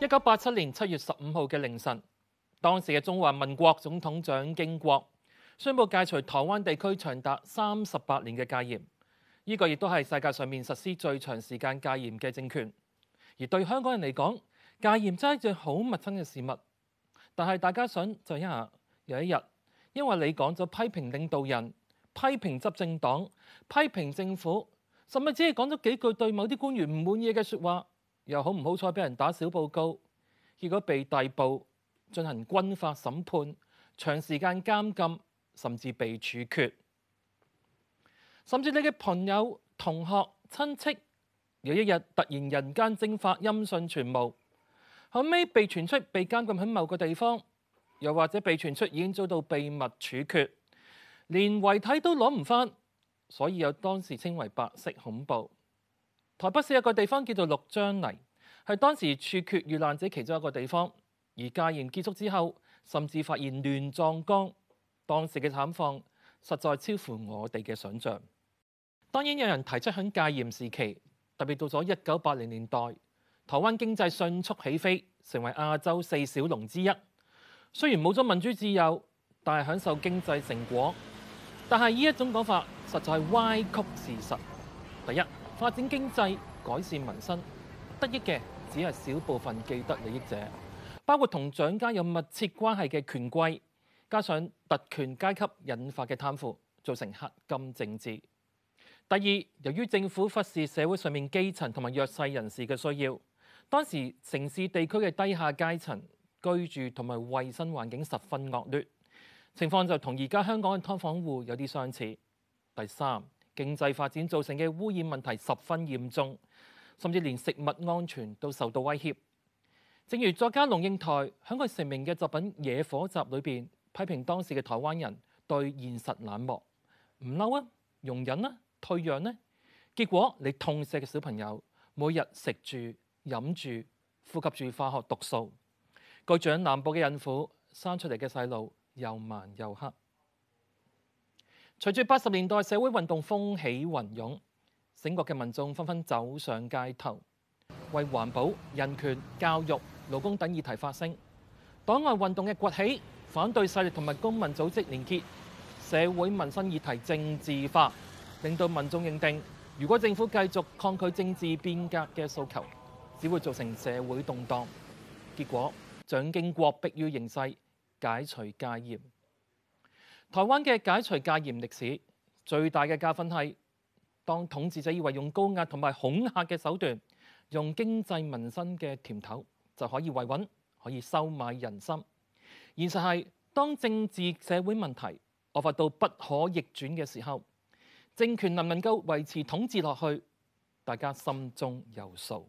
一九八七年七月十五號嘅凌晨，當時嘅中華民國總統蔣經國宣布解除台灣地區長達三十八年嘅戒嚴，呢個亦都係世界上面實施最長時間戒嚴嘅政權。而對香港人嚟講，戒嚴真係一件好陌生嘅事物。但係大家想像一下有一日，因為你講咗批評領導人。批評執政黨、批評政府，甚至只係講咗幾句對某啲官員唔滿意嘅説話，又好唔好彩俾人打小報告，結果被逮捕、進行軍法審判、長時間監禁，甚至被處決。甚至你嘅朋友、同學、親戚，有一日突然人間蒸發，音訊全無，後尾被傳出被監禁喺某個地方，又或者被傳出已經遭到秘密處決。連遺體都攞唔返，所以有當時稱為白色恐怖。台北市有個地方叫做六張犁，係當時處決遇難者其中一個地方。而戒嚴結束之後，甚至發現亂葬崗，當時嘅慘況實在超乎我哋嘅想像。當然有人提出響戒嚴時期，特別到咗一九八零年代，台灣經濟迅速起飛，成為亞洲四小龍之一。雖然冇咗民主自由，但係享受經濟成果。但係呢一種講法實在係歪曲事實。第一，發展經濟改善民生得益嘅只係少部分既得利益者，包括同蔣家有密切關係嘅權貴，加上特權階級引發嘅貪腐，造成黑金政治。第二，由於政府忽視社會上面基層同埋弱勢人士嘅需要，當時城市地區嘅低下階層居住同埋衞生環境十分惡劣。情況就同而家香港嘅劏房戶有啲相似。第三，經濟發展造成嘅污染問題十分嚴重，甚至連食物安全都受到威脅。正如作家龍應台喺佢成名嘅作品《野火集》裏面批評當時嘅台灣人對現實冷漠，唔嬲啊，容忍啊，退讓呢。結果你痛錫嘅小朋友每日食住飲住呼吸住化學毒素，個住喺南部嘅孕婦生出嚟嘅細路。又慢又黑。隨住八十年代社會運動風起雲湧，醒覺嘅民眾紛紛走上街頭，為環保、人權、教育、勞工等議題發聲。黨外運動嘅崛起，反對勢力同埋公民組織連結，社會民生議題政治化，令到民眾認定，如果政府繼續抗拒政治變革嘅訴求，只會造成社會動盪。結果，蔣經國迫於形勢。解除戒嚴。台灣嘅解除戒嚴歷史，最大嘅教訓係：當統治者以為用高壓同埋恐嚇嘅手段，用經濟民生嘅甜頭就可以維穩，可以收買人心。現實係，當政治社會問題惡化到不可逆轉嘅時候，政權能唔能夠維持統治落去，大家心中有數。